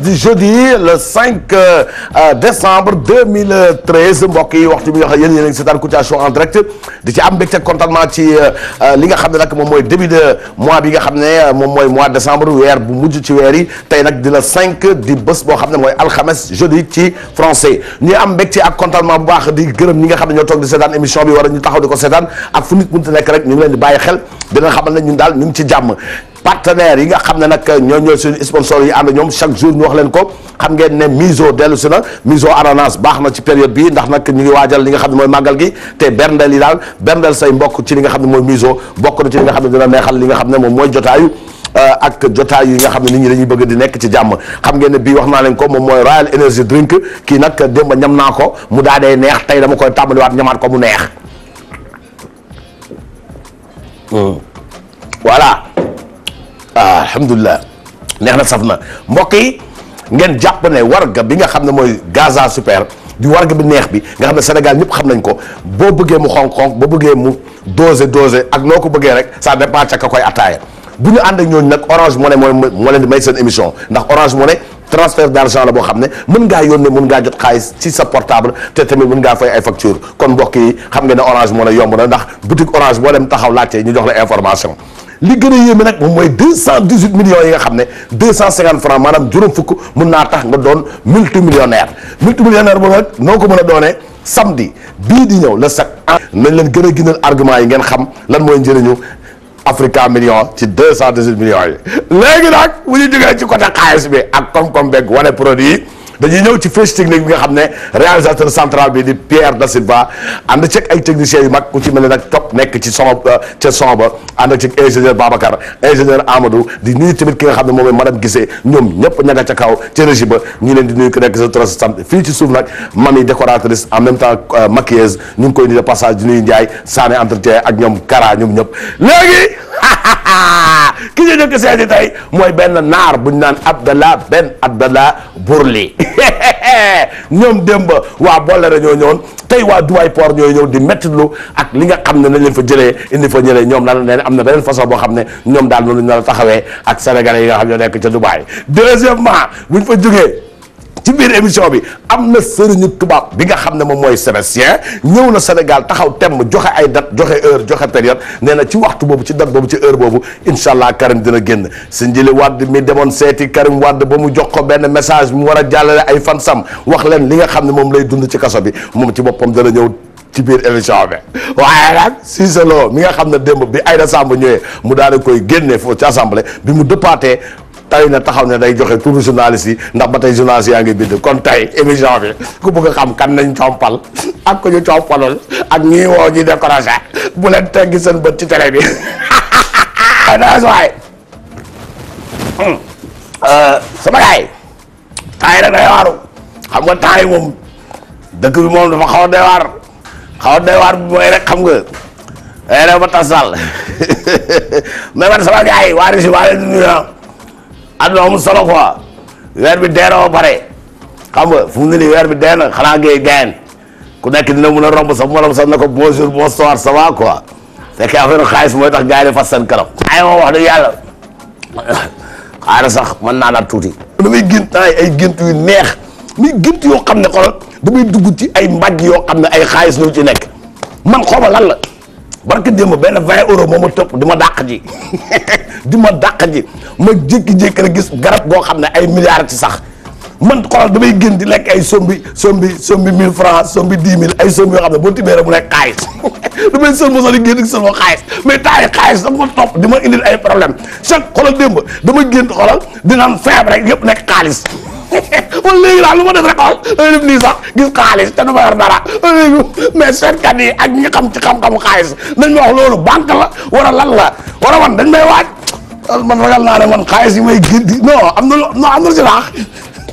du jeudi le 5 euh, euh, décembre 2013 mbokk yi waxtu bi nga xam yéen yéen a ngi seetaan Kouthia Show en direct di ci am mbégte contentement ci euh, li nga xam ne nag moom mooy début de mois bi nga xam ne moom mooy mois décembre weer bu mujj ci weer yi tey nag di la 5 di bés boo xam ne mooy alxames jeudi ci français ñuy am mbégte ak contentement bu baax di gërëm ñi nga xam ne ñoo toog di seetaan émission bi war a ñu taxaw di ko seetaan ak fu nit mënti nekk rek ñu ngi leen di bàyyi xel dina xamal ne ñun daal ñu ngi ci jàmm partenaires yi nga xam ne nag ñoo ñooy suñu sponsor yi ànd ñoom chaque jour ñu wax leen ko xam ngeen ne miso dellu si na miso ananas baax na ci période bi ndax nag ni ngi waajal li nga xam ne mooy màggal gi te berndeel yi daal berndeel say mbokk ci li nga xam ne mooy miso bokk na ci li nga xam ne dina neexal li nga xam ne moom mooy jotaayu euh, ak jotaay yi nga xam ne nit ñi dañuy bëgg di nekk ci jàmm xam ngeen ne bii wax naa leen ko moom mooy Royal Energy Drink kii nag démb ñam naa ko mu daa dee neex tey dama koy tàmbaliwaat ñamaat ko mu neex hmm. ah alhamdulilah neex na saf na mbokk yi ngeen jàpp ne warga bi nga xam ne mooy Gaza Super di warga bi neex bi nga xam ne Sénégal ñëpp xam nañ ko boo bëggee mu xonk-xonk boo bëggee mu dosé dosé ak noo ko bëggee rek ça dépend ca ka koy attaaya bu ñu ànd ak ñooñu nag Orange Money mooy moo leen di may seen émission ndax Orange Money transfert d'argent la boo xam ne mën ngaa yónnee mën ngaa jot xaalis ci sa portable te tamit mën ngaa fay ay facture kon mbokk yi xam nga ne Orange Money yomb na ndax boutique Orange boo dem taxaw laajte ñu jox la information li gën a yéeme nag moom mooy deux cent dix huit yi nga xam ne deux cent cinquante francs maanaam juróom fukk mun naa tax nga doon multimillionnaire multimillionnaire boobu nag noo ko mën a doonee samedi bii di ñëw la sax nañ leen gën a gënal argument yi ngeen xam lan mooy njëriñu Africa Million ci deux cent dix huit millions yi léegi nag bu ñu jógee ci côté xaalis bi ak koom-koom beeg wane produit dañuy ñëw ci fiche technique bi nga xam ne réalisateur central bi di Pierre Da Silva ànd ceeg ay techniciens yu mag ku ci mel ne nag nekk ci son ca son ba ànd ingénieur Babacar ingénieur Amadou di nuyu tamit ki nga xam ne moom madame Guissé ñoom ñëpp ña ca kaw ca régie ba ñu leen di nuyu ku nekk sa tros sant fii ci suuf nag mami décoratrice en même temps euh, maquilleuse ñu koy nuyu de passage di nuyu Ndiaye Sané entretien ak ñoom Kara ñoom ñëpp léegi ki ñu njëkk seeti tey mooy benn naar bu ñu naan Abdallah Ben Abdallah Bourli ñoom démb waa Bolléré ñoo ñëwoon tey waa Dubaï poor ñoo ñëw di mettitlu ak li nga xam ne nañ leen fa jëlee indi fa ñëlee ñoom lan la ne am na beneen façon boo xam ne ñoom daal noonu ñu nar a taxawee ak sénégalais yi nga xam ne nekk ca Dubaï deuxièmement buñ fa jógee. ci biir émission bi am na sëriñu tubaab bi nga xam ne moom mooy sébastien ñëw na Sénégal taxaw temm joxe ay dat joxe heure joxe période nee na ci waxtu boobu ci date boobu ci heure boobu incha allah Karim dina génn sëñ Jili Wade mi demoon seeti Karim Wade ba mu jox ko benn message mu war a jàllale ay fan sam wax leen li nga xam ne moom lay dund ci kaso bi moom ci boppam dana ñëw ci biir émission bi waaye nag Cissé Lo mi nga xam ne démb bi Aïda Samb ñëwee mu daal di koy génne foofu ci assemblée bi mu dëppaatee tay na taxaw ne day joxe turu journaliste yi ndax ba tey journaliste yaa ngi bind kon tay émission bi ku bëgg a xam kan nañ compal ak ku ñu compalul ak ñi woo ñu découragé bu leen teggi seen bët ci télé bi das waay hmm. euh, sama gaay temps yi nag day waaru xam nga temps yi moom dëkk bi moom dafa xaw a day waar xaw a day waar bi mooy rek xam nga day eh, rew ba tas daal mais man sama gaay waa Russie waa leen nuyu àdduna amul solo quoi weer bi dee na ba pare xam nga fu mu ne nii weer bi dee na xanaa ngay gayen ku nekk dina mun a romb sa morom sax ne ko bonjour bonsoir ça va quoi fekk affaire xaalis mooy tax gars yi di fas seen kanam. ay moom wax dëgg yàlla xaaral sax mën naa naat tuuti. damay gént ay ay gént yu neex muy gént yoo xam ne xoolal damay dugg ci ay mbàjj yoo xam ne ay xaalis ñoo ci nekk man xaw ma lan la barke démb benn vingt euros moo ma topp di ma dàq ji. di ma dàq ji ma jékki-jékki rek gis garab goo xam ne ay milliards ci sax man xoolal damay gën di lekk ay sombi sombi sombi mille francs sombi dix mille ay sombi yoo xam ne boo tibbee rek mu nekk xaalis ma sax di génn sën ma xaalis mais taay xaalis dama ko topp di ma indil ay problème chaque xoolal démb dama génn xoolal dina am rek yëpp nekk xaalis wala léegi daal ma def rek xool dama def nii sax gis xaalis te du ma yor dara mais seetkat yi ak xam ci xam-xamu xaalis nañ ma wax loolu banque la wala lan la a wan dañ may waaj. man ragal naa ne man xaalis yi may non am na lu non am na lu ci laax